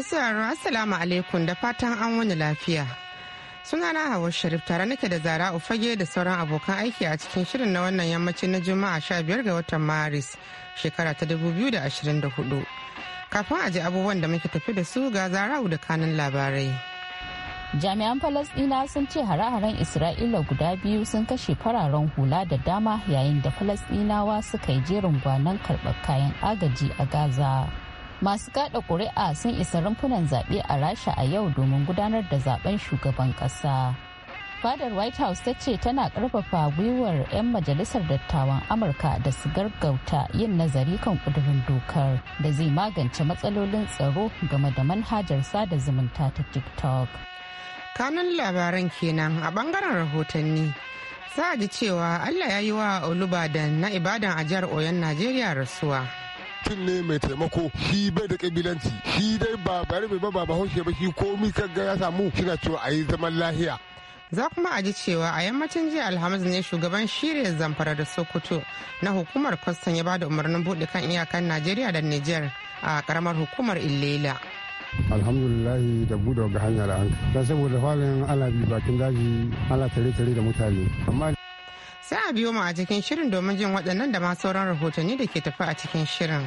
Masu sauraro Assalamu alaikum da fatan an wani lafiya. Suna na Hawa Sharif tare nake da Zara fage da sauran abokan aiki a cikin shirin na wannan yammacin na Juma'a 15 ga watan Maris shekara ta 2024. Kafin a ji abubuwan da muke tafi da su ga Zara'u da kanin labarai. Jami'an Falasɗina sun ce hare-haren Isra'ila guda biyu sun kashe fararen hula da dama yayin da Falasɗinawa suka yi jerin gwanon karɓar kayan agaji a Gaza. masu kada kuri'a sun isa rumfunan zaɓe a rasha a yau domin gudanar da zaben shugaban ƙasa fadar white house ta ce tana karfafa gwiwar 'yan majalisar dattawan amurka da su gargauta yin nazari kan kudurin dokar da zai magance matsalolin tsaro game da manhajar sada zumunta ta tiktok kanun labaran kenan a bangaren rahotanni za a ji cewa allah ya yi wa olubadan na ibadan a jihar oyon najeriya rasuwa mutum ne mai taimako shi bai da kabilanci shi dai ba bare ba ba bahaushe ba shi komi kaga ya samu shina cewa a yi zaman lahiya za kuma a ji cewa a yammacin jiya alhamis ne shugaban shirya zamfara da sokoto na hukumar kwastan ya bada umarnin buɗe kan iyakan najeriya da niger a karamar hukumar illela alhamdulillahi da buɗe ga hanyar an saboda falin ala bakin daji ala tare-tare da mutane amma sai a biyo mu a cikin shirin domin jin waɗannan da ma sauran rahotanni da ke tafi a cikin shirin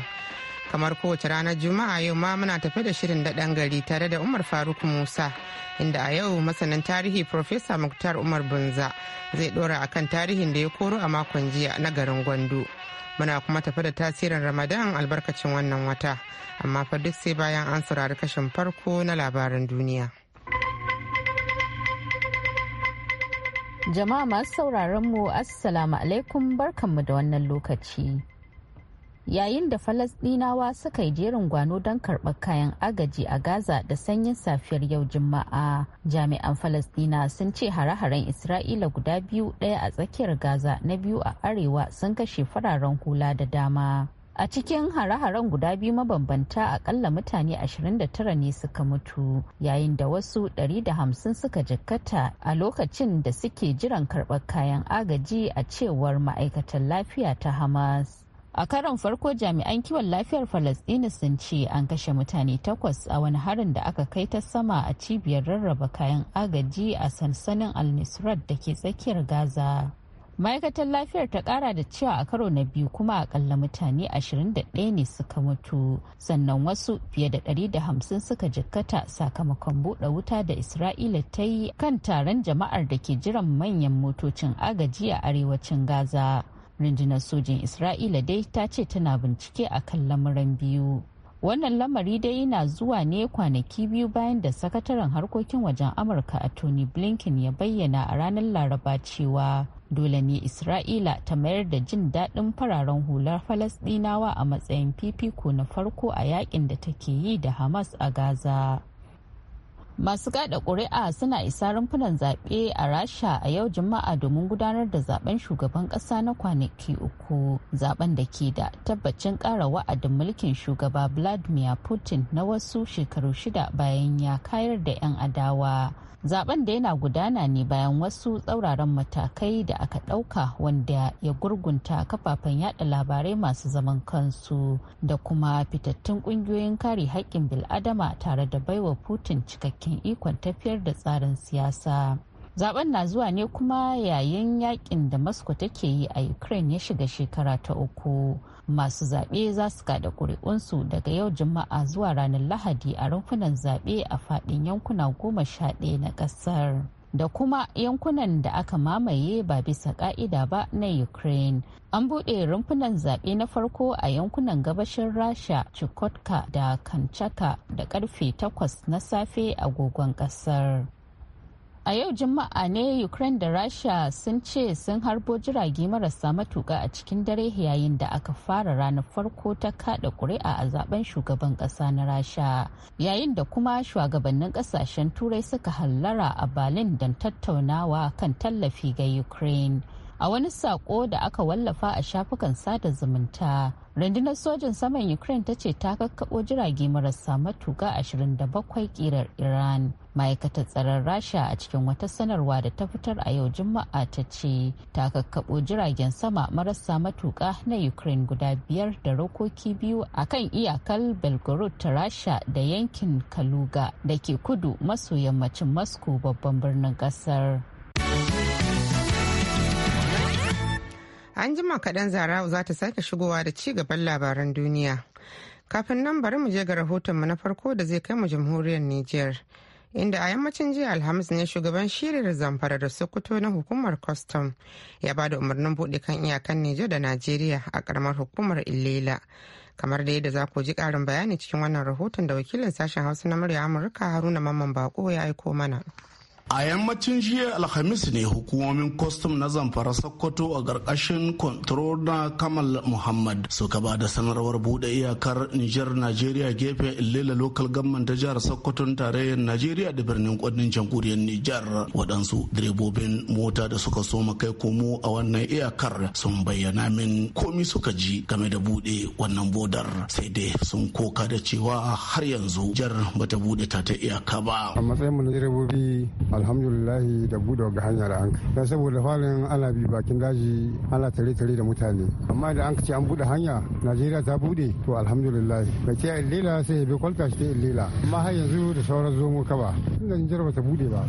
kamar kowace ranar juma'a yau ma muna tafe da shirin daɗan gari tare da umar faruk musa inda a yau masanin tarihi profesa muktar umar bunza zai ɗora a kan tarihin da ya koro a makon jiya na garin gwandu muna kuma tafi da tasirin ramadan albarkacin wannan wata amma fa duk sai bayan an saurari kashin farko na labaran duniya. Jama'a masu sauraron mu Assalamu alaikum barkanmu da wannan lokaci. Yayin da Falasɗinawa suka yi jerin gwano don karɓar kayan agaji a Gaza da sanyin safiyar yau Juma'a, jami'an Falasɗina sun ce hare-haren Isra'ila guda biyu ɗaya a tsakiyar Gaza na biyu a arewa sun kashe fararen hula da dama. a cikin hare-haren guda biyu mabambanta akalla mutane 29 ne suka mutu yayin da wasu 150 suka jikkata a lokacin da suke jiran karɓar kayan agaji a cewar ma'aikatan lafiya ta hamas a karon farko jami'an kiwon lafiyar falasdini sun ce an kashe mutane takwas a wani harin da aka kai ta sama a cibiyar rarraba kayan agaji a sansanin al-nusrat da ke tsakiyar gaza ma'aikatar lafiyar ta kara da cewa a karo na biyu kuma akalla mutane 21 ne suka mutu sannan wasu fiye da 150 suka jikkata sakamakon buɗe wuta da isra'ila ta yi kan taron jama'ar da ke jiran manyan motocin agaji a arewacin gaza rundunar sojin isra'ila dai ta ce tana bincike akan lamuran biyu wannan lamari dai yana zuwa ne kwanaki biyu bayan da sakataren harkokin wajen amurka a tony blinken ya bayyana a ranar laraba cewa dole ne isra'ila ta mayar da jin daɗin fararen hular falasɗinawa a matsayin fifiko na farko a yakin da take yi da hamas a gaza masu gada kuri'a suna isa rumfunan zaɓe a rasha a yau juma'a domin gudanar da zaben shugaban ƙasa na kwanaki uku zaben da ke da tabbacin ƙara wa'adin mulkin shugaba vladimir putin na wasu shekaru shida bayan ya kayar da 'yan adawa zaben da yana gudana ne bayan wasu tsauraran matakai da aka ɗauka wanda ya gurgunta kafafen yada labarai masu zaman kansu da kuma fitattun ƙungiyoyin kare haƙƙin bil'adama tare da baiwa putin cikakken ikon tafiyar da tsarin siyasa zaben na zuwa ne kuma yayin yakin da moscow take yi a ukraine ya shiga shekara ta uku masu zaɓe za su kaɗa ƙuri'unsu daga yau juma'a zuwa ranar lahadi a rumfunan zaɓe a faɗin yankuna goma sha ɗaya na ƙasar da kuma yankunan da aka mamaye ba bisa ƙa'ida ba na ukraine an buɗe rumfunan zaɓe na farko a yankunan gabashin rasha chukotka da kanchaka da ƙarfe 8 na safe agogon ƙasar a yau juma'a ne ukraine da rasha sun ce sun harbo jirage marasa matuƙa a cikin dare yayin da aka fara ranar farko ta kada ƙuri'a a zaben shugaban ƙasa na rasha yayin da kuma shugabannin ƙasashen turai suka hallara a berlin don tattaunawa kan tallafi ga ukraine a wani sako da aka wallafa a shafukan sada zumunta rundunar sojin saman ukraine ta ce ta kakkaɓo jirage marasa matuka 27 kirar iran ma'aikatar tsaron rasha a cikin wata sanarwa da ta fitar a yau juma'a ta ce ta kakkaɓo jiragen sama marasa matuka na ukraine guda biyar da rokoki biyu a kan iyakar belgorod ta rasha da yankin kaluga da ke kudu maso yammacin moscow babban birnin kasar. An jima kaɗan Zara'u za ta sake shigowa da ci gaban labaran duniya. Kafin nan bari mu je ga rahotonmu na farko da zai kai mu jamhuriyar Nijar. Inda a yammacin jiya Alhamis ne shugaban shirin zamfara da Sokoto na hukumar Custom ya ba da umarnin buɗe kan iyakan Nijar da Najeriya a ƙaramar hukumar Ilela. Kamar da yadda za ku ji ƙarin bayani cikin wannan rahoton da wakilin sashen Hausa na murya Amurka Haruna Mamman Bako ya aiko mana. a yammacin jiya alhamis ne hukumomin kwastam na zamfara sokoto a ƙarƙashin kontrol na kamal muhammad suka ba da sanarwar buɗe iyakar nijar nigeria gefen illela lokal gamman ta jihar sokoton tarayyar najeriya da birnin kwadin jamhuriyar nijar waɗansu direbobin mota da suka soma kai komo a wannan iyakar sun bayyana min komi suka ji game da buɗe wannan bodar sai dai sun koka da cewa har yanzu jar bata buɗe ta ta iyaka ba a alhamdulillahi da buɗe ga hanya da an don saboda falin ana bi bakin daji ana tare tare da mutane amma da an ce an buɗe hanya najeriya ta buɗe to alhamdulillahi mai ce illila sai ya bi kwalta shi ta illila amma har yanzu da sauran zomo kaba inda nijar ba ta buɗe ba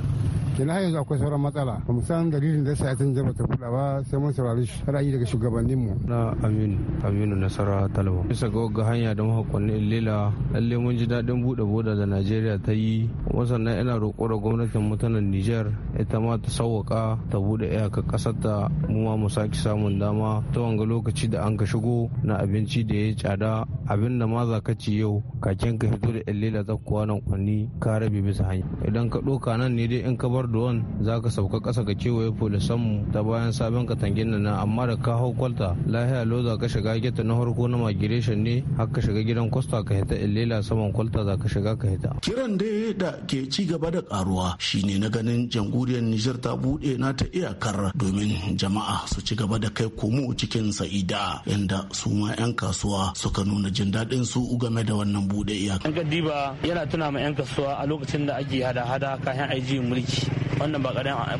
kenan yanzu akwai sauran matsala ba mu san dalilin da sa ya canza bata kula ba sai mun saurari ra'ayi daga shugabannin mu na aminu aminu nasara talaba bisa ga wagga hanya da mahakonnin lela lalle mun ji daɗin buɗe boda da najeriya ta yi sannan ina roƙo da gwamnatin mutanen nijar ita ma ta sauwaka ta buɗe iyaka ƙasar ta mu ma mu saki samun dama ta wanga lokaci da an ka shigo na abinci da ya tsada abin da ma za ka ci yau kakin ka fito da lela ta kuwa nan kwanni ka rabi bisa hanya idan ka ɗoka nan ne dai in ka bar kwarduwan za ka sauka kasa ka kewaye mu ta bayan sabon katangin nan amma da ka hau kwalta lahiya loza ka shiga geta na harko na magireshin ne har ka shiga gidan kwasta ka hita illela saman kwalta za ka shiga ka hita. kiran dai da ke ci gaba da karuwa shine na ganin jamhuriyar nijar ta buɗe na ta iyakar domin jama'a su ci gaba da kai komo cikin sa'ida inda su ma 'yan kasuwa suka nuna jin daɗin su game da wannan buɗe iyakar. yan yana tuna ma 'yan kasuwa a lokacin da ake hada-hada kayan aiji mulki wannan ba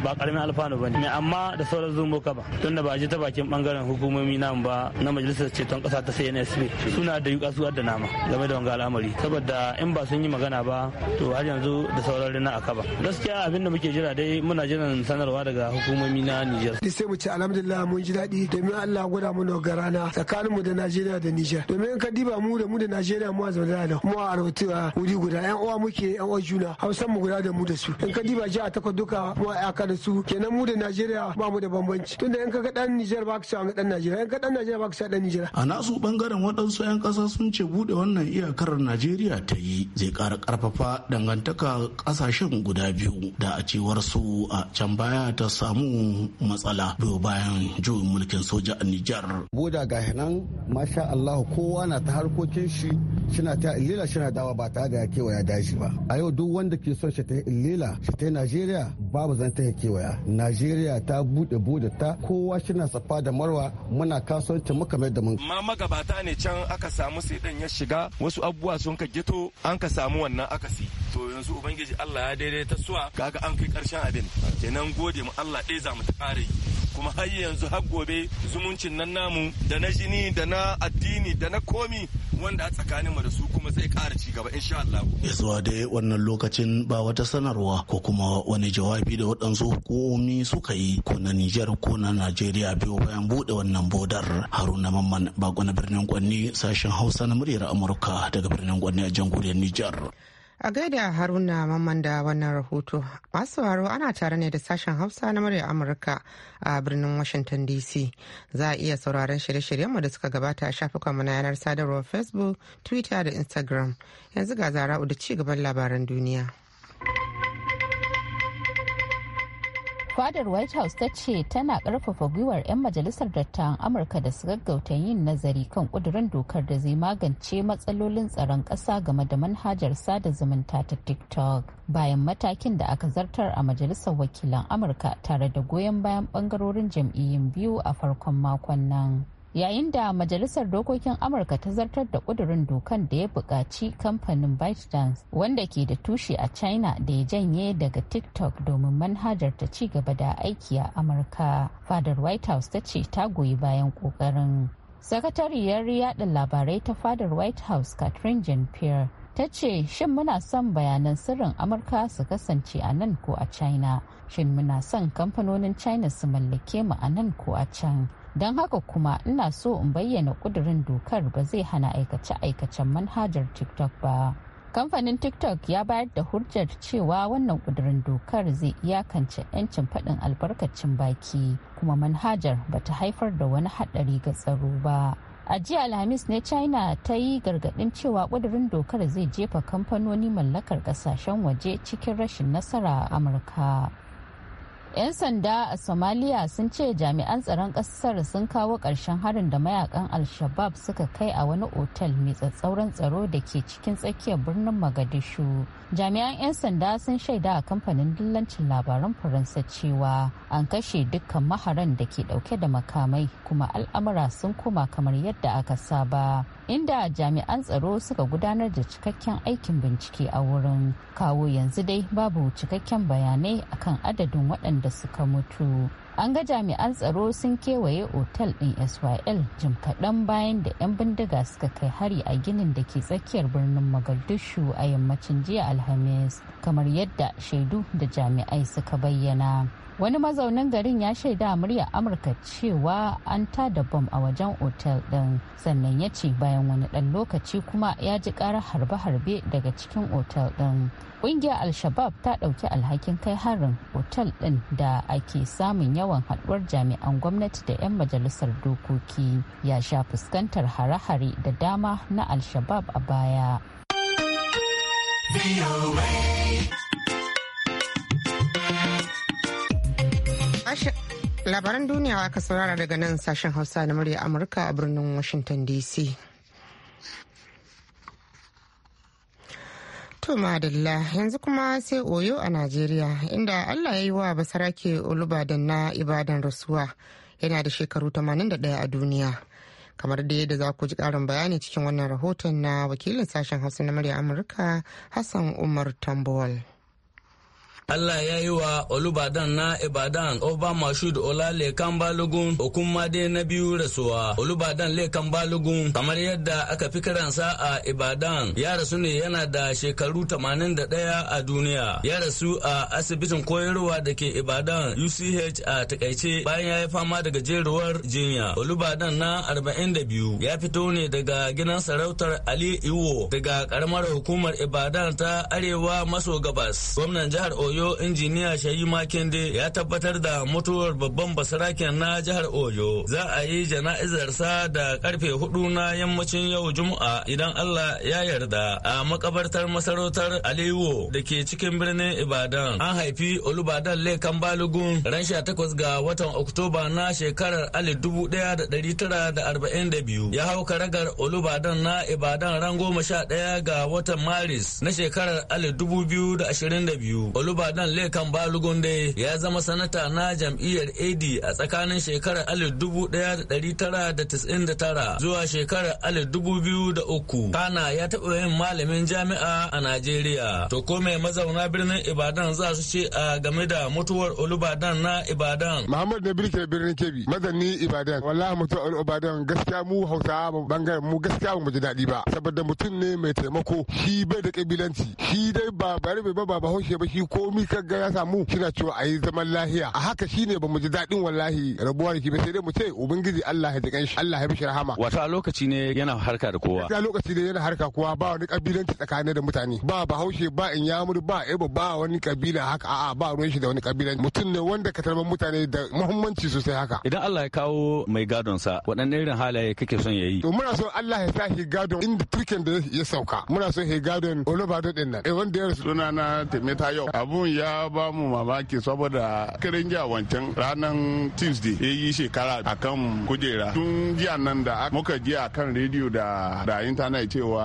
ba karamin alfanu bane ne amma da sauran zumo ka ba tunda ba ji ta bakin bangaren hukumomi nan ba na majalisar ceton kasa ta CNSP suna da yuka su da nama game da wanga al'amari saboda in ba sun yi magana ba to har yanzu da sauran rina aka ba gaskiya abin da muke jira dai muna jiran sanarwa daga hukumomi na Niger sai mu ci alhamdulillah mun ji dadi domin Allah gwada mu ga garana tsakanin mu da Najeriya da Niger domin in ka diba mu da mu da Najeriya mu a zaune da mu a arwatuwa wuri guda yan uwa muke yan uwa juna hausan mu guda da mu da su in ka diba a ta ko duka ruwa ya ka da su kenan mu da Najeriya ba mu da bambanci tunda in kaga dan Nijar ba ka sa dan Najeriya in ka dan Najeriya ba ka sa dan Nijar a nasu bangaren wadansu 'yan kasa sun ce bude wannan iyakar Najeriya ta yi zai kara ƙarfafa dangantaka kasashen guda biyu da a cewar su a can baya ta samu matsala biyo bayan juyin mulkin soja a Nijar. Boda ga nan masha Allah kowa na ta harkokin shi shina ta illila shina dawa ba ta da kewaya daji ba. A yau duk wanda ke son shi ta illila shi ta Najeriya najeriya babu zan ta kewaya najeriya ta bude bude ta kowa shina safa da marwa muna kasuwanci muka mai da mun ma magabata ne can aka samu sai dan ya shiga wasu abubuwa sun ka gito an ka samu wannan akasi to yanzu ubangiji Allah ya daidaita suwa kaga an kai karshen abin kenan gode mu Allah ɗaya za mu ta kare kuma har yanzu har gobe zumuncin nan namu da na jini da na addini da na komi wanda a mu da su kuma zai ƙara ci gaba insha Allah. Ya zuwa dai wannan lokacin ba wata sanarwa ko kuma wani jawabi da waɗansu hukumomi suka yi ko na Nijar ko na Najeriya biyo bayan buɗe wannan bodar. Haruna Mamman Bago na birnin kwanni sashen Hausa na muryar Amurka daga birnin Gwanni a jamhuriyar Nijar. A gaida Haruna Mamman da wannan rahoto. Masu haro ana tare ne da sashen Hausa na murya Amurka a birnin Washington DC. Za a iya sauraron shirye-shiryenmu da suka gabata a shafukanmu na yanar sadarwar Facebook, Twitter da Instagram. Yanzu ga zara'u da ci gaban labaran duniya. fadar white house ta ce tana karfafa gwiwar 'yan majalisar dattawan amurka da su gaggauta yin nazari kan kudurin dokar da zai magance matsalolin tsaron kasa game da manhajar sada zumunta ta tiktok bayan matakin da aka zartar a majalisar wakilan amurka tare da goyon bayan bangarorin jam'iyyun biyu a farkon makon nan yayin da majalisar dokokin amurka ta zartar da kudurin dokan da ya bukaci kamfanin ByteDance wanda ke da tushe a china da ya janye daga tiktok domin manhajar ta ci gaba da aiki a amurka fadar white house ta ce ta goyi bayan ƙoƙarin sakatariyar yaɗin labarai ta fadar white house catherine jean pierre ta ce shin muna son bayanan sirrin amurka su kasance a nan ko a china shin muna son kamfanonin china su mallake mu a nan ko a can don haka kuma ina so in bayyana kudirin dokar ba zai hana aikace-aikacen manhajar tiktok ba kamfanin tiktok ya bayar da hujjar cewa wannan kudirin dokar zai iyakance 'yancin faɗin albarkacin baki kuma manhajar ba ta haifar da wani haɗari ga tsaro ba a jiya alhamis ne china ta yi gargaɗin cewa kudirin dokar zai jefa kamfanoni mallakar ƙasashen waje cikin rashin nasara a amurka 'yan sanda a somaliya sun ce jami'an tsaron kasar sun kawo ƙarshen harin da mayakan al-shabab suka kai a wani otal mai tsatsauran tsaro da ke cikin tsakiyar birnin magadishu jami'an 'yan sanda sun shaida a kamfanin dillancin labaran faransa cewa an kashe dukkan maharan da ke dauke da makamai kuma al'amura sun koma kamar yadda aka saba inda jami'an tsaro suka gudanar da cikakken aikin bincike a wurin kawo yanzu dai babu cikakken bayanai akan adadin waɗanda da suka mutu an ga jami'an tsaro sun kewaye otal ɗin syl jim kaɗan bayan da 'yan bindiga suka kai hari a ginin da ke tsakiyar birnin magadishu a yammacin jiya alhamis kamar yadda shaidu da jami'ai suka bayyana wani mazaunin garin ya shaida murya amurka cewa an da bom a wajen otel din sannan ya ce bayan wani dan lokaci kuma ya ji karar harbe-harbe daga cikin otel din kungiyar al-shabab ta dauki alhakin kai harin otel din da ake samun yawan haduwar jami'an gwamnati da 'yan majalisar dokoki ya sha fuskantar hare-hare da dama na al-shabab a baya. Labaran duniya aka saurara daga nan sashen Hausa na murya Amurka a birnin Washington DC. To madalla yanzu kuma sai oyo a Najeriya inda Allah ya yi wa basarake Olubadan na Ibadan rasuwa yana da shekaru 81 a duniya. Kamar da yadda za ku ji ƙarin bayani cikin wannan rahoton na wakilin sashen Hausa na murya Amurka Hassan Umar Tambowal. Allah ya yi wa Olubadan na Ibadan Oba Mashud Ola Lekan Balogun Okunmade na biyu rasuwa. Olubadan Lekan Balogun kamar yadda aka fi karansa a Ibadan ya rasu ne yana da shekaru 81 a duniya. Ya rasu a asibitin koyarwa da ke Ibadan UCH a takaice bayan ya yi fama da gajeruwar jinya. Olubadan na 42 ya fito ne daga gidan sarautar Ali Iwo daga karamar hukumar Ibadan ta Arewa maso gabas. Gwamnan jihar Oyo Oyo injiniya Shayi Makinde ya tabbatar da mutuwar babban basaraken na jihar Oyo. Za a yi sa da karfe hudu na yammacin yau Juma'a idan Allah ya yarda a makabartar masarautar Aliwo da ke cikin birnin Ibadan. An haifi Olubadan Lekan Balugun ran 18 ga watan Oktoba na shekarar da 1942. Ya hau karagar Olubadan na Ibadan ran goma sha ɗaya ga watan Maris na shekarar 2022. Ibadan Lekan da ya zama sanata na jam'iyyar AD a tsakanin shekarar 1999 zuwa shekarar 2003. Kana ya taɓa yin malamin jami'a a Najeriya. To ko mai mazauna birnin Ibadan za su ce a game da mutuwar Olubadan na Ibadan. Muhammad Nabil birke birnin Kebbi, mazanni Ibadan. Wallahi mutuwar Olubadan gaskiya mu Hausawa bangaren mu gaskiya mu ji daɗi ba. Saboda mutum ne mai taimako, shi bai da kabilanci, shi dai ba bai ba ba bahaushe ba shi ko komi kaga ya samu shina cewa a yi zaman lahiya a haka shine mu ji daɗin wallahi rabuwa da ba sai dai mu ce ubangiji Allah ya jikan shi Allah ya bishi rahama wato a lokaci ne yana harka da kowa a lokaci ne yana harka kowa ba wani kabilanci tsakanin da mutane ba bahaushe ba inyamuri ba eba ba wani kabila haka a'a ba ruwan shi da wani kabila. mutum ne wanda ka tarbar mutane da muhimmanci sosai haka idan Allah ya kawo mai gadon sa waɗanne irin halaye kake son yayi to muna so Allah ya sa shi gadon inda turken da ya sauka muna so shi gadon olobado din nan eh wanda ya rasu na temeta yau abu mun ya ba mu mamaki saboda kirin jiya wancan ranar tuesday ya yi shekara akan kujera tun jiya nan da muka ji a kan rediyo da da intanet cewa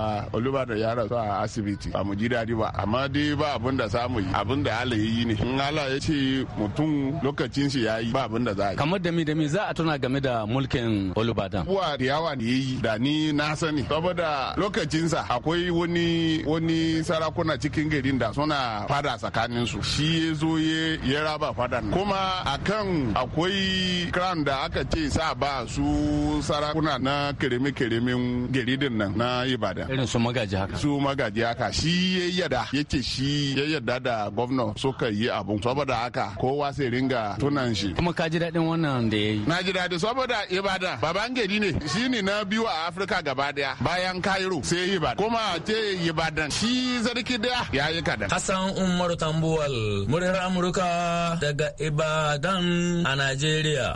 da ya rasu a asibiti ba mu ji daɗi ba amma dai ba abin da samu yi abin da ala yi ne in ala ya ce mutum lokacin shi ya yi ba abin da za a yi kamar da mi da za a tuna game da mulkin olubadan kuwa da yawa ne ya yi da ni na sani saboda lokacinsa akwai wani wani sarakuna cikin garin da suna fada tsakanin su shi ya zo ya raba fadan kuma akan akwai kran da aka ce sa ba su sarakuna na kirimi-kirimin geridin nan na ibadan irin su magaji haka su magaji haka shi ya yada yake shi ya yada da gwamna suka yi abun saboda haka kowa sai ringa tunan shi kuma ka ji daɗin wannan da ya yi na ji daɗi saboda ibadan baban gari ne shi ne na biyu a afirka gaba daya bayan cairo sai ibadan kuma ce ibadan shi zarki daya ya yi kadan hassan umaru tambuwa Lawal, muryar Amurka daga Ibadan a Najeriya.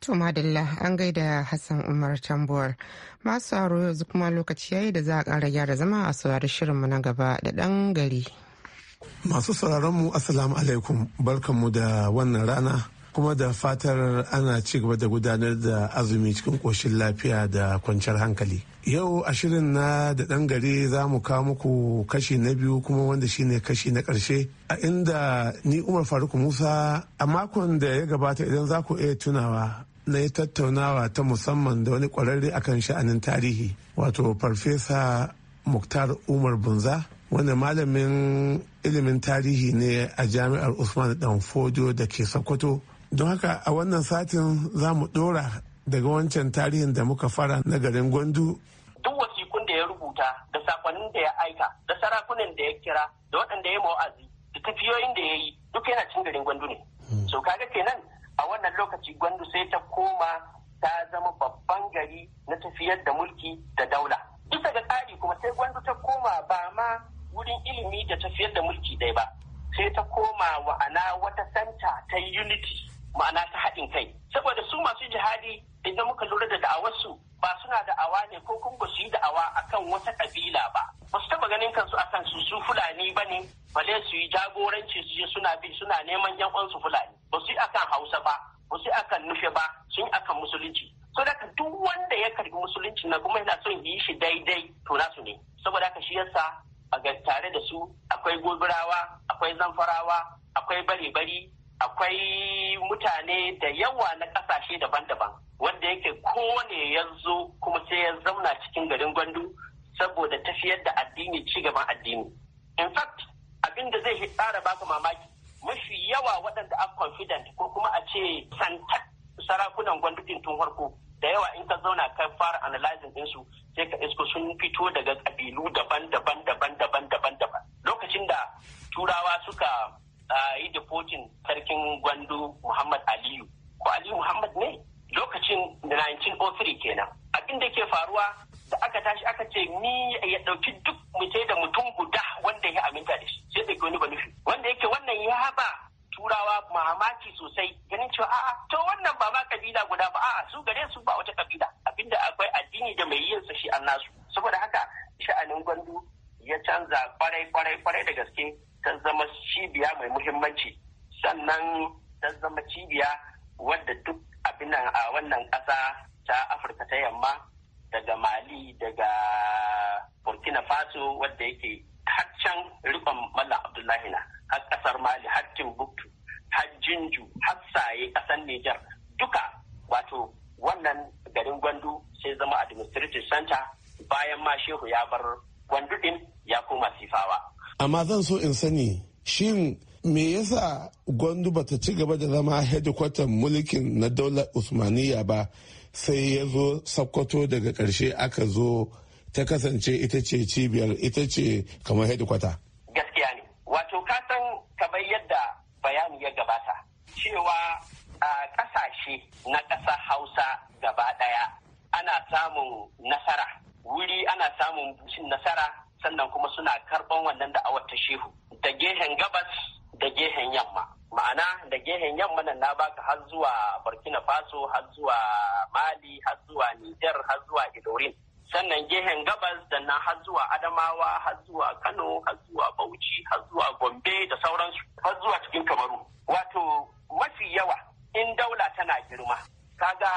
To madalla an gaida Hassan Umar Tambuwar. Masu aro yanzu kuma lokaci yayi da za a ƙara gyara zama a saurari shirinmu na gaba da ɗan gari. Masu sauraronmu Assalamu alaikum barkanmu da wannan rana kuma da fatar ana ci gaba da gudanar da azumi cikin koshin lafiya da kwanciyar hankali yau a shirin na da ɗan gari za mu kawo muku kashi na biyu kuma wanda shine kashi na ƙarshe a inda ni umar faruk musa a makon da ya gabata idan za ku iya tunawa na yi tattaunawa ta musamman da wani ƙwararre akan sha'anin tarihi wato farfesa muktar umar bunza wanda malamin ilimin tarihi ne a jami'ar usman danfodio da ke sokoto don haka a wannan satin za mu dora daga wancan tarihin da muka fara na garin gwandu duk wasikun da ya rubuta da sakonnin da ya aika da sarakunan da ya kira da waɗanda ya ma'azi da tafiyoyin da ya yi duk yana cin garin gwandu ne hmm. so ga kenan a wannan lokaci gwandu sai ta koma ta zama babban gari na tafiyar da mulki da daula bisa ga tsari kuma sai gwandu ta koma ba ma wurin ilimi da tafiyar da mulki ɗaya ba sai ta koma wa'ana wata santa ta unity ma'ana ta haɗin kai saboda su masu jihadi idan muka lura da da'awarsu ba suna da'awa ne ko kuma ba su yi da'awa akan wata ƙabila ba ba su taɓa ganin kansu akan su su fulani ba ne bale su yi jagoranci su je suna bi suna neman yan uwansu fulani ba su yi akan hausa ba ba su yi akan nufe ba sun yi akan musulunci so da duk wanda ya karbi musulunci na kuma yana son yi shi daidai to nasu ne saboda haka shi yasa a tare da su akwai gobirawa akwai zamfarawa akwai bare-bari akwai mutane da yawa na kasashe daban-daban wanda yake kowane ya zo kuma sai ya zauna cikin garin gwandu saboda tafiyar da addini ci gaban addini in fact abin da zai tsara baka mamaki mafi yawa waɗanda a confident ko kuma a ce Santa sarakunan gwandu ɗin tun farko da yawa in ka zauna ka fara analyzing ɗinsu sai ka isko sun fito daga ƙabilu daban-daban daban-daban daban-daban lokacin da turawa suka yi deportin sarkin gwandu Muhammad Aliyu. Ko Aliyu Muhammad ne? Lokacin 1903 kenan. Abin da ke faruwa da aka tashi aka ce ni ya ɗauki duk mutai da mutum guda wanda ya aminta da shi. Sai ɗauki wani nufi. Wanda yake wannan ya ba turawa mamaki sosai ganin cewa a'a to wannan ba ma kabila guda ba a'a su gare su ba wata kabila abinda akwai addini da mai yin sa shi an nasu saboda haka sha'anin gwandu ya canza kwarai kwarai kwarai da gaske ta zama cibiya mai muhimmanci sannan ta zama cibiya wadda duk abin a wannan ƙasa ta afirka ta yamma daga mali daga burkina faso wadda yake haccan rikon mallam abdullahi na har ƙasar mali har timbuktu har jinju har saye ƙasar niger duka wato wannan garin gwandu sai zama administrative center bayan ma shehu ya bar gwandu din amma zan so in sani shin me yasa gwandu bata ci gaba da zama hedikwatan mulkin na daular usmaniya ba sai ya zo sakkwato daga karshe aka zo ta kasance ita ce cibiyar ita ce kamar hedikwata gaskiya ne wato ka san kamar yadda bayani ya gabata cewa a kasashe na kasa hausa gaba ɗaya ana samun nasara wuri ana samun nasara sannan kuma suna karɓan wannan da'awar ta shehu da gehen gabas da gehen yamma ma'ana da gehen yamma nan na baka har zuwa burkina faso har zuwa mali har zuwa niger har zuwa ilorin sannan gehen gabas da na har zuwa adamawa har zuwa kano har zuwa bauchi har zuwa gombe da sauransu har zuwa cikin kamaru wato mafi yawa in daula tana girma kaga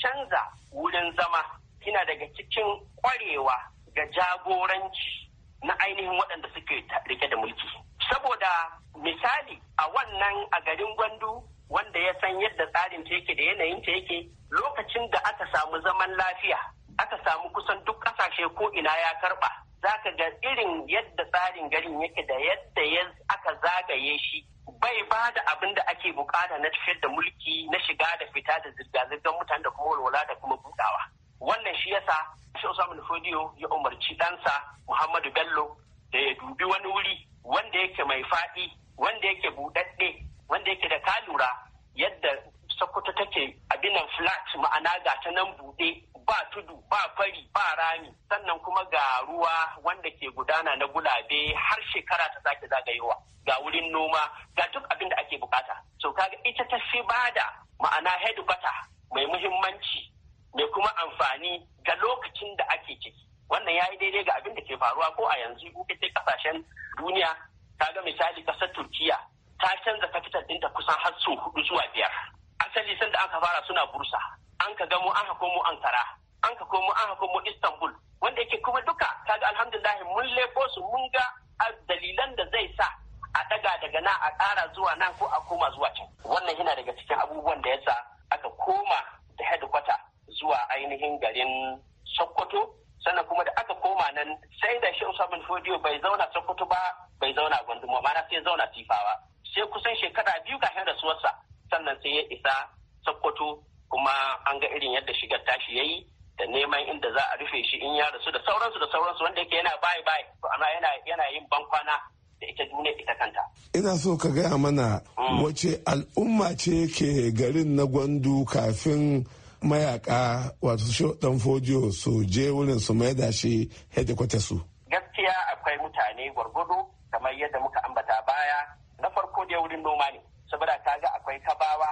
canza wurin zama Kina daga cikin kwarewa ga jagoranci na ainihin waɗanda suke rike da mulki saboda misali a wannan a garin gwandu wanda ya san yadda tsarin ta yake da yanayin ta yake lokacin da aka samu zaman lafiya aka samu kusan duk ƙasashe ko ina ya karɓa za ka ga irin yadda tsarin garin yake da yadda ya aka zagaye shi bai ba da abin da ake bukata na tafiyar da mulki na shiga da fita da zirga-zirgar mutane da kuma walwala da kuma budawa wannan shi yasa Shi Usman Fodiyo ya umarci ɗansa Muhammadu Bello da ya dubi wani wuri wanda yake mai faɗi, wanda yake buɗaɗɗe, wanda yake da kalura yadda Sokoto take abinan flat ma'ana ga ta nan buɗe ba tudu ba fari ba rami sannan kuma ga ruwa wanda ke gudana na gulabe har shekara ta sake zagayewa ga wurin noma ga duk abin da ake bukata. So kaga ita ta fi bada ma'ana headquarter mai muhimmanci da kuma amfani ga lokacin da ake ciki wannan ya yi daidai ga abin da ke faruwa ko a yanzu ko ita kasashen duniya ta ga misali kasar turkiya ta canza kafitar dinta kusan har sau hudu zuwa biyar asali sanda aka fara suna bursa an ka gamo an hako mu ankara an ka komo an hako mu istanbul wanda yake kuma duka ga alhamdulillah mun lefo su mun ga dalilan da zai sa a daga daga nan a ƙara zuwa nan ko a koma zuwa can wannan yana daga cikin abubuwan da ya sa aka koma da headquarter zuwa ainihin garin sokoto sannan kuma da aka koma nan sai da shehu sabin fodiyo bai zauna sokoto ba bai zauna gunduma mana sai zauna tifawa sai kusan shekara biyu kafin rasuwarsa sannan sai ya isa sokoto kuma an ga irin yadda shigar tashi yayi da neman inda za a rufe shi in ya rasu da sauransu da sauransu wanda yake yana bayi bayi to amma yana yana yin bankwana da ita duniya ita kanta ina so ka gaya mana hmm. wace al'umma ce ke garin na gwandu kafin mayaka wato sho dan fojiyo su je wurin su mai da shi headquarter su gaskiya akwai mutane gwargwado kamar yadda muka ambata baya na farko dai wurin noma ne saboda ga akwai kabawa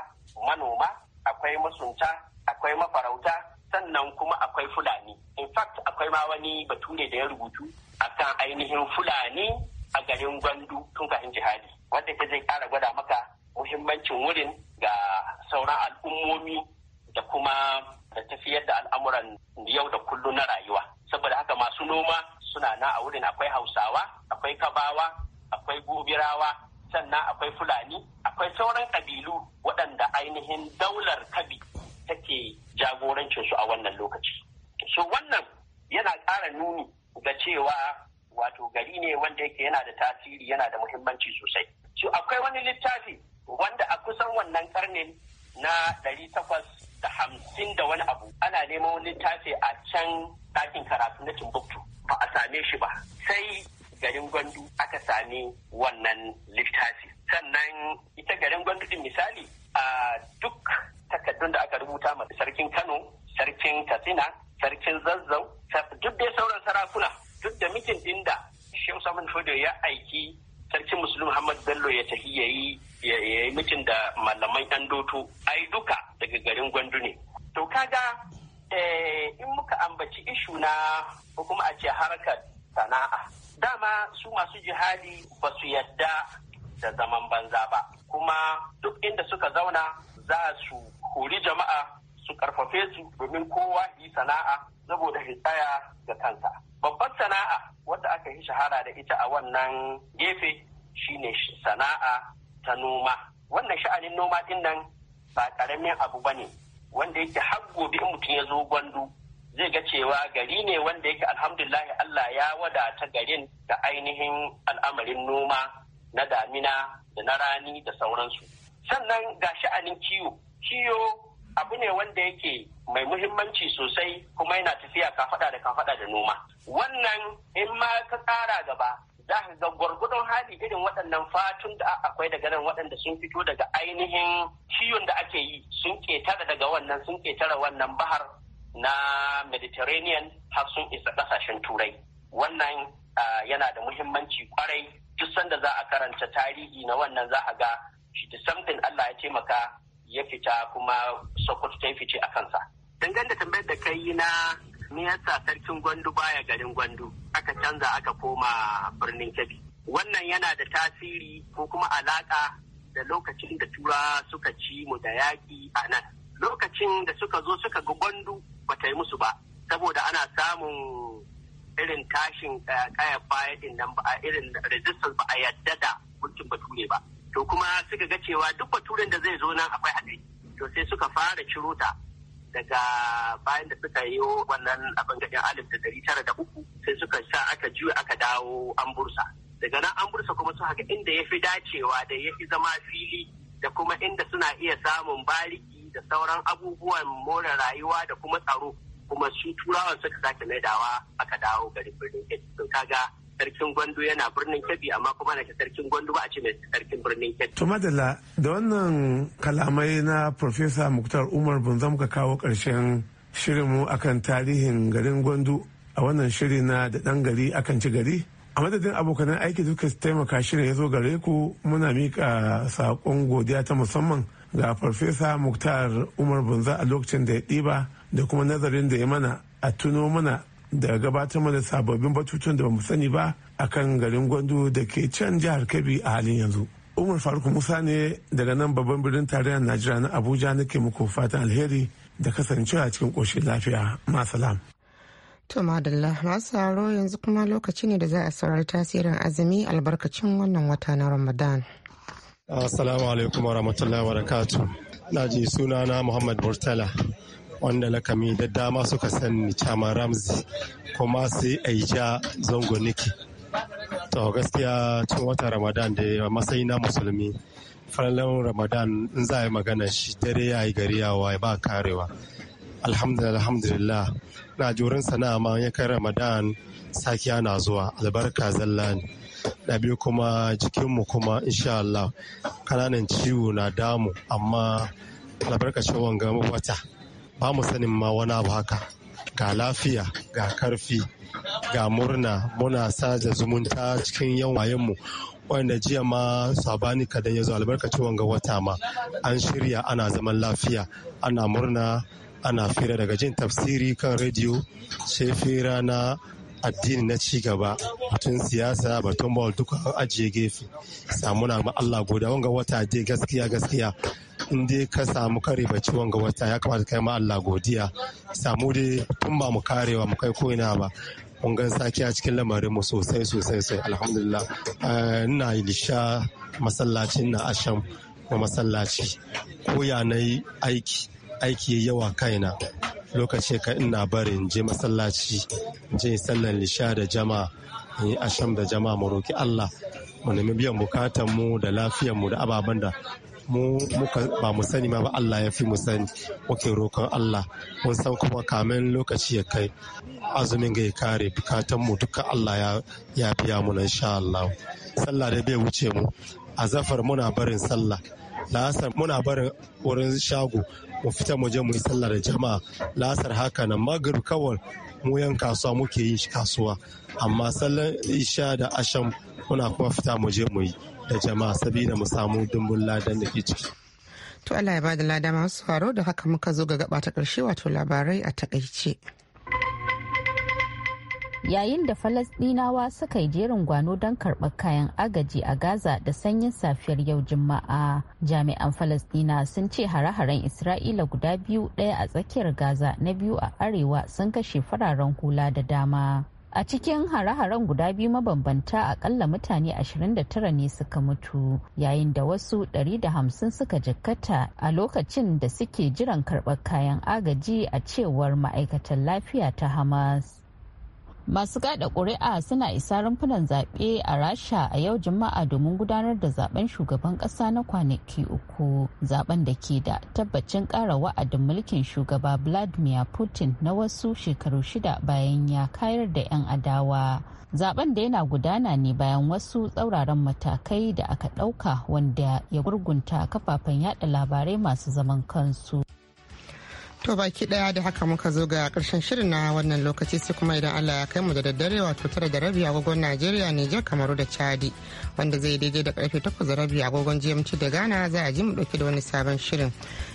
manoma akwai masunta akwai mafarauta sannan kuma akwai fulani in fact akwai ma wani bature da ya rubutu akan ainihin fulani a garin gwandu tun kafin jihadi wanda ke zai kara gwada maka muhimmancin wurin ga sauran al'ummomi da kuma da tafiyar da al'amuran yau da kullum na rayuwa saboda haka masu noma suna na a wurin akwai hausawa akwai kabawa akwai gobirawa sannan akwai fulani akwai sauran kabilu waɗanda ainihin daular kabi take jagorancinsu a wannan lokaci so wannan yana ƙara nuni ga cewa wato gari ne wanda yake yana da tasiri yana da muhimmanci sosai so akwai wani littafi wanda a kusan wannan karnin na ɗari takwas da hamsin da wani abu ana neman wani littafi a can ɗakin karatu na Timbuktu ba a same shi ba sai garin gwandu aka sami wannan littafi sannan ita garin gwandu din misali a duk takardun da aka rubuta ma sarkin Kano sarkin Katsina sarkin Zazzau duk dai sauran sarakuna duk da mijin din da Shehu Fodo ya aiki sarkin Musulun Muhammad Bello ya tafi yayi ya yi mutum da malaman yan doto ai duka daga garin gwandu ne to kaga eh, in muka ambaci ishu na ko kuma a ce harkar sana'a dama su masu jihadi ba su yadda da zaman banza ba kuma duk inda suka zauna za su kori jama'a su karfafe su domin kowa yi sana'a saboda hitsaya ga kansa Babban sana'a wadda aka yi shahara da ita a wannan gefe shine sana'a ta noma wannan sha'anin noma din nan ba ƙaramin abu ba ne wanda yake har gobe in mutum ya zo gwandu zai ga cewa gari ne wanda yake alhamdulahi Allah ya wadata garin da ainihin al'amarin noma na damina da na rani da sauransu sannan ga sha'anin kiwo kiwo abu ne wanda yake mai muhimmanci sosai kuma yana tafiya kafaɗa da kafaɗa da noma wannan in ma ka tsara gaba za ka ga gwargwadon hali irin waɗannan fatun da akwai daga nan waɗanda sun fito daga ainihin ciwon da ake yi sun ƙetare. daga wannan sun ƙetare wannan bahar na mediterranean har sun isa ƙasashen turai wannan yana da muhimmanci kwarai duk sanda za a karanta tarihi na wannan za a ga shi something Allah ya taimaka ya fita kuma Sokoto ta fice a kansa. Dangane da tambayar da kai na Ni yasa sarkin gwandu baya garin gwandu aka canza aka koma birnin kebbi wannan yana da tasiri ko kuma alaka da lokacin da tura suka ci mu da yaƙi a nan lokacin da suka zo suka ga gwandu ba ta yi musu ba saboda ana samun irin tashin eh, kaya baya din nan ba a irin resistance ba a yadda da mulkin bature ba to kuma suka ga cewa duk baturen da zai zo nan akwai haɗari to sai suka fara ciro ta daga bayan da suka yi wannan abin gajen alif da dari tara da uku sai suka sa aka juya aka dawo an bursa daga nan an bursa kuma su haka inda ya fi dacewa da ya fi zama fili da kuma inda suna iya samun bariki da sauran abubuwan more rayuwa da kuma tsaro kuma su turawan suka sake maidawa aka dawo garin birnin kaga sarkin gwandu yana birnin kebbi amma kuma na sarkin gwandu ba a ce mai sarkin birnin kebbi. to madalla da wannan kalamai na profesa muktar umar bunza muka kawo ƙarshen shirinmu akan tarihin garin gwandu a wannan shiri na da dan gari akan ci gari a madadin abokanan aiki duka taimaka shirin ya zo gare ku muna mika sakon godiya ta musamman ga farfesa muktar umar bunza a lokacin da ya ɗiba da kuma nazarin da ya mana a tuno mana da gabatar mana sababbin batutun da bamu sani ba a kan garin gwandu da ke can jihar kebbi a halin yanzu umar faruk musa ne daga nan babban birnin tarayyar najeriya na abuja nake muku fatan alheri da kasancewa cikin koshin lafiya masalam to madalla masu haro yanzu kuma lokaci ne da za a saurari tasirin azumi albarkacin wannan wata na ramadan assalamu alaikum warahmatullahi wabarakatuh na ji sunana muhammad murtala wanda lakami da dama suka sani Chama Ramzi kuma sai ja Zango Niki. To gaskiya cin wata Ramadan da masai na musulmi falalan Ramadan in za a yi magana shi dare ya yi gari yawa ba karewa. Alhamdulillah alhamdulillah na jurin sana'a ma ya kai Ramadan sakiya na zuwa albarka zalla ne. Na biyu kuma jikinmu kuma insha Allah kananan ciwo na damu amma albarkacin gama wata ba mu sanin ma wani abu haka ga lafiya ga karfi ga murna muna saja zumunta cikin yan wayenmu wanda jiya ma sabani kadan ya zo albarkacin wanga wata ma an shirya ana zaman lafiya ana murna ana fira daga jin tafsiri kan rediyo sai fira na addini na ci gaba batun siyasa batun bawal duka ajiye gefe Samuna ma Allah goda wanga wata dai gaskiya gaskiya in dai ka samu kare ba ciwon ga wata ya kamata kai ma Allah godiya samu dai tun ba mu karewa mu kai ko ina ba mun gan sakiya a cikin lamarin mu sosai sosai sosai alhamdulillah eh, ina lisha masallacin na asham ko masallaci ko ya nayi aiki aiki aiki yawa kaina lokaci ka ina barin je masallaci je sallan lisha da jama'a in asham da jama'a mu roki Allah mu nemi biyan bukatan mu da lafiyar mu da ababan da mu ba mu sani ma ba Allah ya fi mu sani muke roƙon Allah mun san kuma kamin lokaci ya kai azumin ga ya kare bukatan mu duka Allah ya biya mu insha Allah sallah da bai wuce mu azafar muna barin sallah la'asar muna barin wurin shago mu fita mu je mu yi sallah da jama'a la'asar haka nan magrib kawai mu yan kasuwa muke yin kasuwa amma sallan isha da asham muna kuma fita mu je mu yi da jama'a sabida mu samu dimbin ladan da ke ciki to Allah ya bada lada masu faro da haka muka zo ga gaba ta karshe wato labarai a takaice yayin da falasdinawa suka yi jerin gwano don karɓar kayan agaji a gaza da sanyin safiyar yau juma'a jami'an falasdina sun ce hare-haren isra'ila guda biyu ɗaya a tsakiyar gaza na biyu a arewa sun kashe fararen hula da dama a cikin hare-haren guda biyu mabambanta akalla mutane 29 ne suka mutu yayin da wasu 150 suka jikkata a lokacin da suke jiran karɓar kayan agaji a cewar ma'aikatan lafiya ta hamas masu kada kuri'a suna isa rumfunan zaɓe a rasha a yau juma'a domin gudanar da zaben shugaban ƙasa na kwanaki uku zaben da ke da tabbacin ƙara wa'adin mulkin shugaba vladimir putin na wasu shekaru shida bayan ya kayar da 'yan adawa zaben da yana gudana ne bayan wasu tsauraran matakai da aka ɗauka wanda ya gurgunta kafafen yada labarai masu zaman kansu To baki daya da haka muka zo ga karshen shirin na wannan lokaci sai kuma idan Allah ya kai mu da daddare wato tara da rabi agogon Najeriya Nijar Kamaru da Chadi wanda zai daidai da karfe takwas da rabi agogon GMT da Ghana za a ji mu dauke da wani sabon shirin.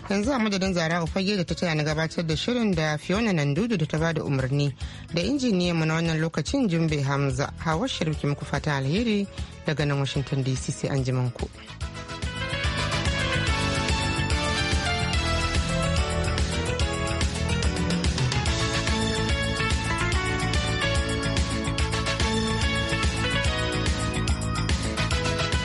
Yanzu a madadin Zara Ufage da ta tana na gabatar da shirin da Fiona Nandudu da ta ba da umarni da injiniyan mu na wannan lokacin Jumbe Hamza. Hawa ki muku fata alheri daga nan Washington DC sai an ku.